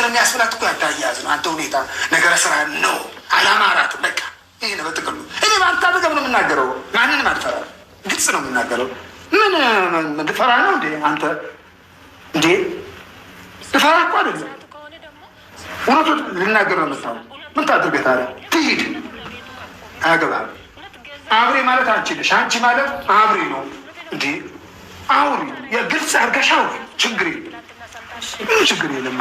ነገር የሚያስብላት እኮ ያንተ ነው፣ አንተ ሁኔታ ነገረ ስራ ነው። አላማራት በቃ ይህ ነው በጥቅሉ። እኔ በአንተ አጠገብ ነው የምናገረው፣ ማንንም አልፈራ፣ ግልጽ ነው የምናገረው። ምን ልፈራ ነው እንዴ? አንተ እንዴ ልፈራ እኮ አይደለም፣ እውነቱን ልናገር ነው ምታ ምን ታድር ቤት ትሂድ፣ አያገባም። አብሬ ማለት አንቺ ነሽ፣ አንቺ ማለት አብሬ ነው። እንዴ አውሪ፣ የግልጽ አርገሻ አውሪ፣ ችግር የለም ችግር የለም።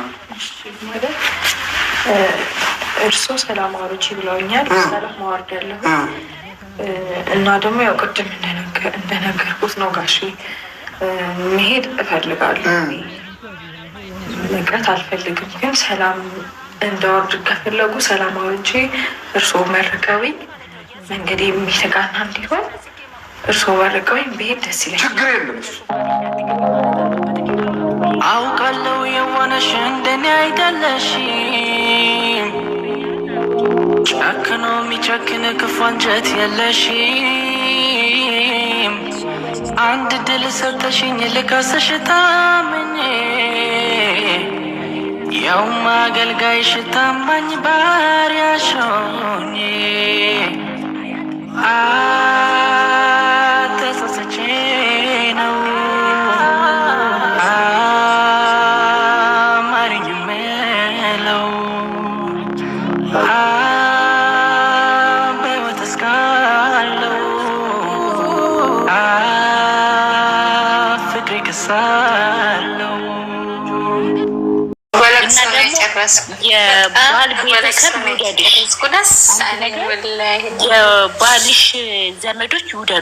እርስዎ ሰላም አውርጂ ብለውኛል። ሰላም ማዋርድ ያለሁ እና ደግሞ ያው ቅድም እንደነገርኩት ነው ጋሽ መሄድ እፈልጋለሁ። መቅረት አልፈልግም፣ ግን ሰላም እንዳወርድ ከፈለጉ ሰላም አውርጂ እርስዎ መርቀውኝ መንገድ የሚተቃና እንዲሆን እርስዎ መርቀውኝ ብሄድ ደስ ይለኛል። ችግር የለም። አውቃለው የሆነሽ እንደኔ አይደለሽም። ጨክኖ የሚጨክን ክፉ አንጀት የለሽም። አንድ ድል ሰጠሽኝ ልከስሽ ታምኜ ያውም አገልጋይሽ ታማኝ ባሪያሽ ሆኜ እረሳለሁ። ቤተሰብ ይውደዱሽ፣ የባልሽ ዘመዶች ይውደዱሽ፣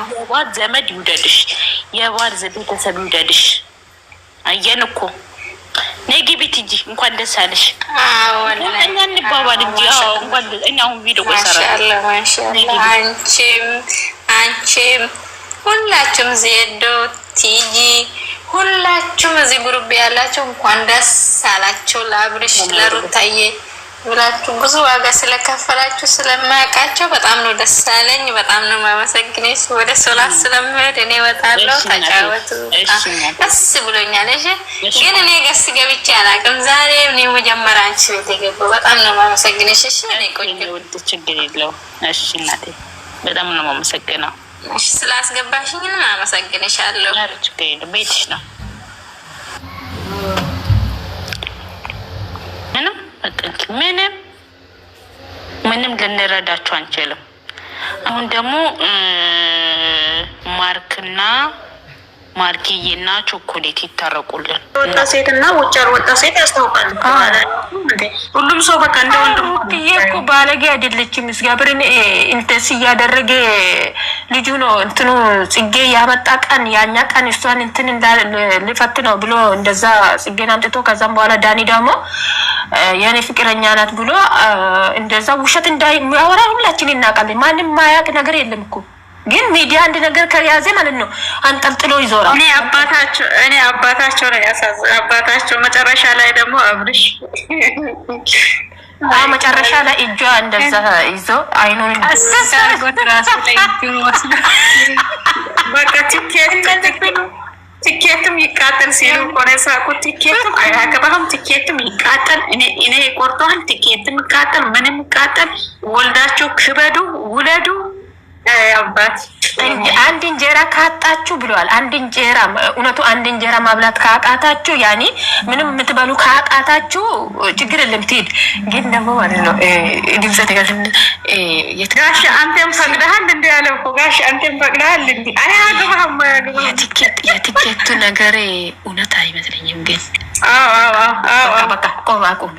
የባል ዘመድ ይውደድሽ፣ የባል ቤተሰብ ይውደድሽ። አየን እኮ ነይ ግቢ ትጂ እንኳን ደስ አለሽ። እኛ እንባባል እንጂ እኛ አሁን ቪዲዮ ሰራ አንቺም አንቺም ሁላችሁም ዜዶ ቲጂ ሁላችሁም እዚህ ጉሩብ ያላችሁ እንኳን ደስ አላቸው ለአብርሽ ለሩታዬ ብላችሁ ብዙ ዋጋ ስለከፈላችሁ ስለማያውቃቸው በጣም ነው ደስ አለኝ። በጣም ነው ማመሰግነች። ወደ ሶላት ስለምሄድ እኔ እወጣለሁ። ተጫወቱ፣ ደስ ብሎኛል። እሺ፣ ግን እኔ ገስ ገብቼ አላውቅም። ዛሬ እኔ መጀመሪያ አንቺ ቤት የገባሁ በጣም ነው ማመሰግነች። እሺ፣ እኔ ቆይ፣ ችግር የለውም። እሺ እናቴ፣ በጣም ነው ማመሰግነው። ስላስገባሽኝንም አመሰግንሻለሁ። ቤትሽ ነው ምንም ምንም ልንረዳችሁ አንችልም። አሁን ደግሞ ማርክና ማርኬዬና ቾኮሌት ይታረቁልን። ወጣ ሴት እና ውጭ ያልወጣ ሴት ያስታውቃል። ሁሉም ሰው በቃ እንደ ወንድሙዬ እኮ ባለጌ አይደለችም። እግዚአብሔርን ኢንተስ እያደረገ ልጁ ነው እንትኑ ጽጌ ያመጣ ቀን ያኛ ቀን እሷን እንትን ልፈት ነው ብሎ እንደዛ ጽጌን አምጥቶ ከዛም በኋላ ዳኒ ደግሞ የኔ ፍቅረኛ ናት ብሎ እንደዛ ውሸት እንዳያወራ ሁላችን እናውቃለን። ማንም ማያቅ ነገር የለም እኮ ግን ሚዲያ አንድ ነገር ከያዘ ማለት ነው አንጠልጥሎ ይዞራል። እኔ አባታቸው እኔ አባታቸው ነው ያሳዝ አባታቸው መጨረሻ ላይ ደግሞ አብርሽ መጨረሻ ላይ እጇ እንደዛ ይዞ አይኑን በቃ ትኬትም ይቃጠል ሲሉ ሆነ ሳቁ። ትኬትም አያገባህም፣ ትኬትም ይቃጠል፣ እኔ እኔ ቆርጠዋል፣ ትኬትም ይቃጠል፣ ምንም ይቃጠል። ወልዳቸው ክበዱ፣ ውለዱ አንድ እንጀራ ካጣችሁ ብለዋል። አንድ እንጀራ እውነቱ አንድ እንጀራ ማብላት ካቃታችሁ፣ ያኔ ምንም የምትበሉ ካቃታችሁ ችግር የለም ትሄድ። ግን ደግሞ ማለት ነው ድምፀ ጋሽ አንተም ፈቅደሃል እንዲ ያለው እኮ ጋሽ አንተም ፈቅደሃል እንዲ የትኬቱ ነገር እውነት አይመስለኝም። ግን በቃ ቆም አቁም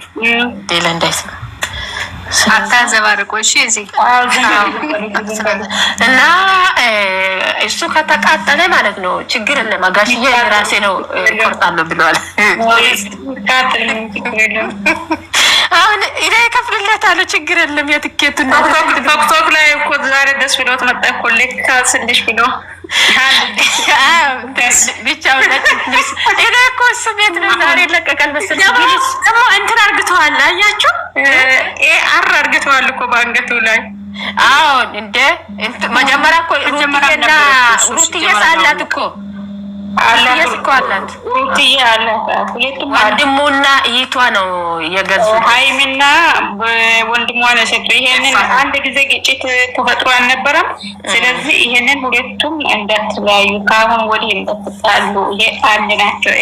ሌላ እንዳይስ አታዘባርቁ እሺ። እዚህ እና እሱ ከተቃጠለ ማለት ነው ችግር የለም። አጋሽዬ የራሴ ነው ቆርጣለሁ ብለዋል። አሁን ኢላ ይከፍልለታል። ችግር የለም። የትኬቱ ቶክቶክ ላይ እኮ ዛሬ ደስ ብሎት መጣ። ኮሌክታ ስንሽ ብሎ ብቻ እኮ እሱ ነው ዛሬ ይለቀቃል መሰለኝ። ደግሞ እንትን አርግተዋል፣ አያችሁ? አር አርግተዋል እኮ በአንገቱ ላይ አሁን እንደ መጀመሪያ እኮ ሩትዬ ሳላት እኮ እኮ አላት ወንድሙና እህቷ ነው የገዙት። ሀይሚና ወንድሟ ነው የሰጡት። ይሄንን አንድ ጊዜ ግጭት ተፈጥሮ አልነበረም። ስለዚህ ይሄንን ሁለቱም እንዳትለያዩ፣ ከአሁን ወዲህ እንዳትጣሉ፣ ይሄ አንድ ናቸው።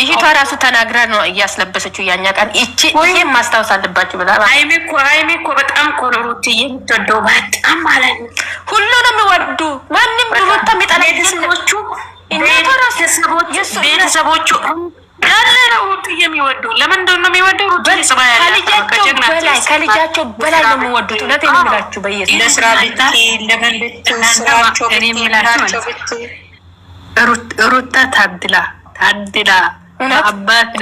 ይሄቷ ራሱ ተናግራ ነው እያስለበሰችው ያኛ ቀን ይቺ ይሄን ማስታወስ አለባችሁ ብላ ሀይሚ እኮ ሀይሚ እኮ በጣም እኮ ነው ሩት የምትወደው በጣም ማለት ነው። ሁሉ ነው ማንም ሩታ የሚጠላ ቤተሰቦቹ ቤተሰቦቹ ያለ ነው ሩት የሚወዱ ለምንድን ነው የሚወዱ ሩቴ ስባ ያለ ከልጃቸው በላይ ነው የሚወዱት። እውነት የምላችሁ በየሰ ለስራ ብታ ለምን ብትስራቸው ብት ሩታ ታድላ ታድላ አባት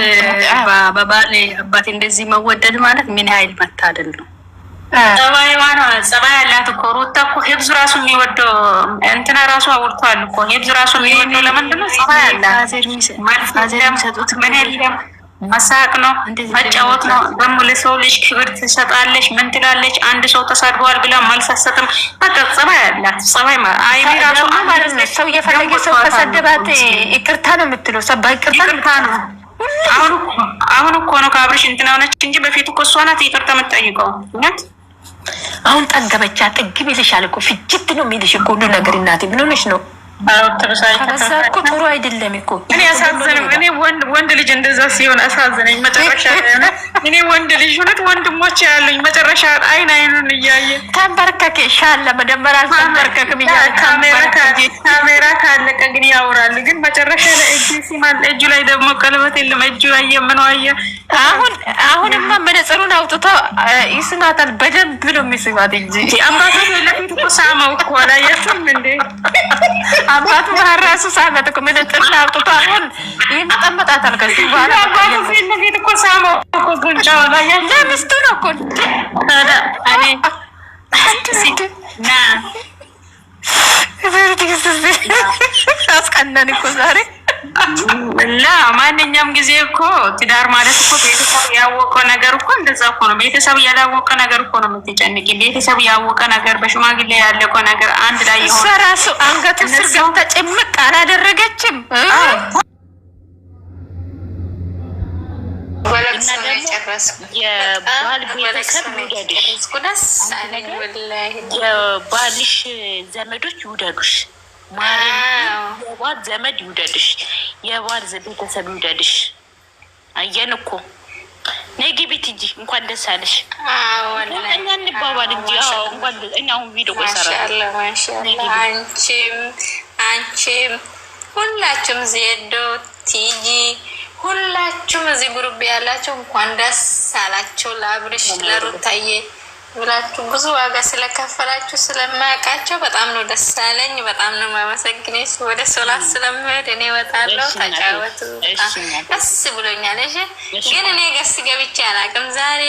በባል አባት እንደዚህ መወደድ ማለት ምን ያህል መታደል ነው? ጸባይ ነው። ጸባይ ያላት እኮ ሩታ እኮ ሄብዙ ራሱ የሚወደው እንትና ራሱ አውርቷል እኮ ሄብዙ ራሱ የሚወደው ለምንድነው? ጸባይ አላት ያላት ምን የለም መሳቅ ነው መጫወት ነው። ደግሞ ለሰው ልጅ ክብር ትሰጣለች። ምን ትላለች? አንድ ሰው ተሳድበዋል ብላ መልስ አትሰጥም። በቃ ጸባይ አላት። ጸባይ ሰው እየፈለገ ሰው ተሰደባት ይቅርታ ነው የምትለው። ሰባ ይቅርታ ነው። አሁን እኮ ነው ከአብርሽ እንትና ሆነች እንጂ በፊት እኮ እሷ ናት ይቅርታ የምትጠይቀው። አሁን ጠገበቻ ጥግብ ይልሻል እኮ ፍጅት ነው የሚልሽ እኮ ሁሉ ነገር። እናቴ ምን ሆነሽ ነው ከበዛ እኮ ጥሩ አይደለም እኮ እኔ አሳዘንም። እኔ ወንድ ልጅ እንደዛ ሲሆን አሳዘነኝ። መጨረሻ እኔ ወንድ ልጅ ሁለት ወንድሞች ያሉኝ መጨረሻ አይን አይኑን እያየ ተንበርከክ ይሻለ መደመር አልተንበርከክም ካሜራ ካለቀ ግን ያወራል ግን መጨረሻ ላይ እጅ ሲማል እጁ ላይ ደግሞ ቀለበት የለም። እጁ አየ ምን አየ። አሁን አሁንማ መነጽሩን አውጥቶ ይስማታል። በደንብ ነው የሚስማት እንጂ አባቱ ለፊት እኮ ሳመው እኮ አላየትም እንዴ? አባቱ ራሱ ሳመት እኮ መነጽሩን አውጥቶ አሁን ይመጠመጣታል። ከዚህ በኋላ አባቱ ፊት ለፊት እኮ ሳመው እኮ ጉንጫው ላይ ለሚስቱ ነው እኮ ና አስቀናን እኮ ዛሬ እና ማንኛውም ጊዜ እኮ ትዳር ማለት እኮ ቤተሰብ ያወቀ ነገር እኮ እንደዛ እኮ ነው። ቤተሰብ ያላወቀ ነገር እኮ ነው የምትጨንቂ። ቤተሰብ ያወቀ ነገር፣ በሽማግሌ ያለቀ ነገር አንድ ላይ የሆነ እሷ ራሱ አንገቱ ስር ገብታ ጭምቅ አላደረገችም። እና ደግሞ የባል ቤተሰብ ይውደድሽ፣ የባልሽ ዘመዶች ይውደዱሽ፣ የባል ዘመድ ይውደድሽ፣ የባል ቤተሰብ ይውደድሽ። አየን እኮ ነግቢት እንጂ እንኳን ደስ አለሽ እኛ እንባባል እንጂ እንኳን እኛ አሁን ቪዲዮ ቆሰራል። አንቺም አንቺም ሁላችሁም ዜዶ ቲጂ ሁላችሁም እዚህ ጉሩብ ያላችሁ እንኳን ደስ አላቸው ለአብርሽ ለሩታዬ ብላችሁ ብዙ ዋጋ ስለከፈላችሁ ስለማያውቃቸው በጣም ነው ደስ አለኝ። በጣም ነው ማመሰግነች። ወደ ሶላት ስለምሄድ እኔ እወጣለሁ። ተጫወቱ። ደስ ብሎኛል። እሺ፣ ግን እኔ ገስ ገብቼ አላውቅም ዛሬ